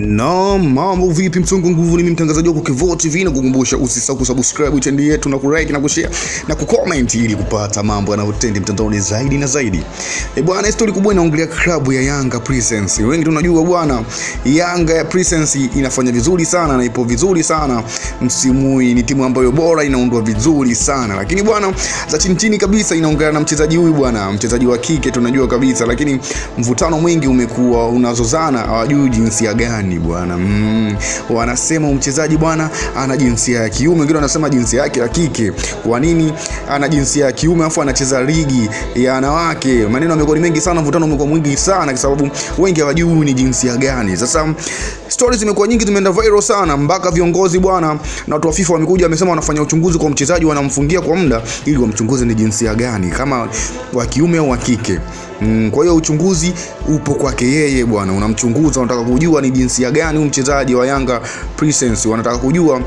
Na mambo vipi, mtungu nguvu, ni mimi mtangazaji wako Kevoo TV na kukumbusha usisahau kusubscribe channel yetu na kulike na kushare na kucomment ili kupata mambo yanayotendi mtandaoni zaidi na zaidi. Eh, bwana, story kubwa inaongelea klabu ya Yanga Princess. Wengi tunajua bwana, Yanga ya Princess inafanya vizuri sana na ipo vizuri sana msimu huu, ni timu ambayo bora inaundwa vizuri sana. Lakini bwana, za chini chini kabisa inaongelea na mchezaji huyu bwana, mchezaji wa kike tunajua kabisa, lakini mvutano mwingi umekuwa unazozana, hawajui jinsi ya gani gani bwana? Mm, wanasema mchezaji bwana ana jinsia ya kiume, wengine wanasema jinsia yake ya kike. Kwa nini ana jinsia ya kiume afu anacheza ligi ya wanawake? Maneno yamekuwa ni mengi sana, mvutano umekuwa mwingi sana kwa sababu wengi hawajui ni jinsia gani. Sasa stories zimekuwa nyingi, zimeenda viral sana mpaka viongozi bwana na watu wa FIFA wamekuja, wamesema wanafanya uchunguzi kwa mchezaji, wanamfungia kwa muda ili wamchunguze ni jinsia gani, kama wa kiume au wa kike. Mm, kwa hiyo uchunguzi upo kwake yeye bwana, unamchunguza, unataka kujua ni jinsia hisia gani huyu mchezaji wa Yanga Presence. Wanataka kujua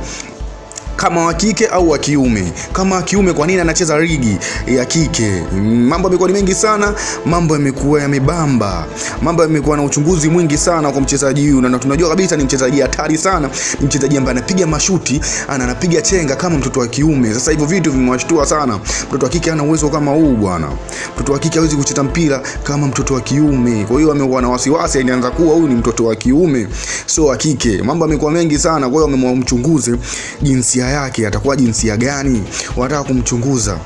kama wa kike au wa kiume. Kama wa kiume, kwa nini anacheza ligi ya kike? Mambo yamekuwa ni mengi sana, mambo yamekuwa yamebamba, mambo yamekuwa na uchunguzi mwingi sana kwa mchezaji huyu, na tunajua kabisa ni mchezaji hatari sana, ni mchezaji ambaye anapiga mashuti, anapiga chenga kama mtoto wa kiume. Sasa hivyo vitu vimewashtua sana. Mtoto wa kike hana uwezo kama huu bwana, mtoto wa kike hawezi kucheza mpira kama mtoto wa kiume. Kwa hiyo amekuwa na wasiwasi, anaanza kuwa huyu ni mtoto wa kiume, sio wa kike. Mambo yamekuwa mengi sana, kwa hiyo amemwamchunguze jinsi jinsia yake atakuwa jinsia gani, wanataka kumchunguza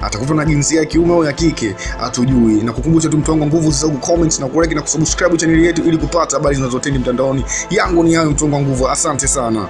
atakuwa na jinsia ya kiume au ya kike hatujui. Na kukumbusha tu mtu wangu, nguvu ku comment na like na kusubscribe chaneli yetu ili kupata habari zinazotendi mtandaoni. Yangu ni hayo, mtu wangu nguvu. Asante sana.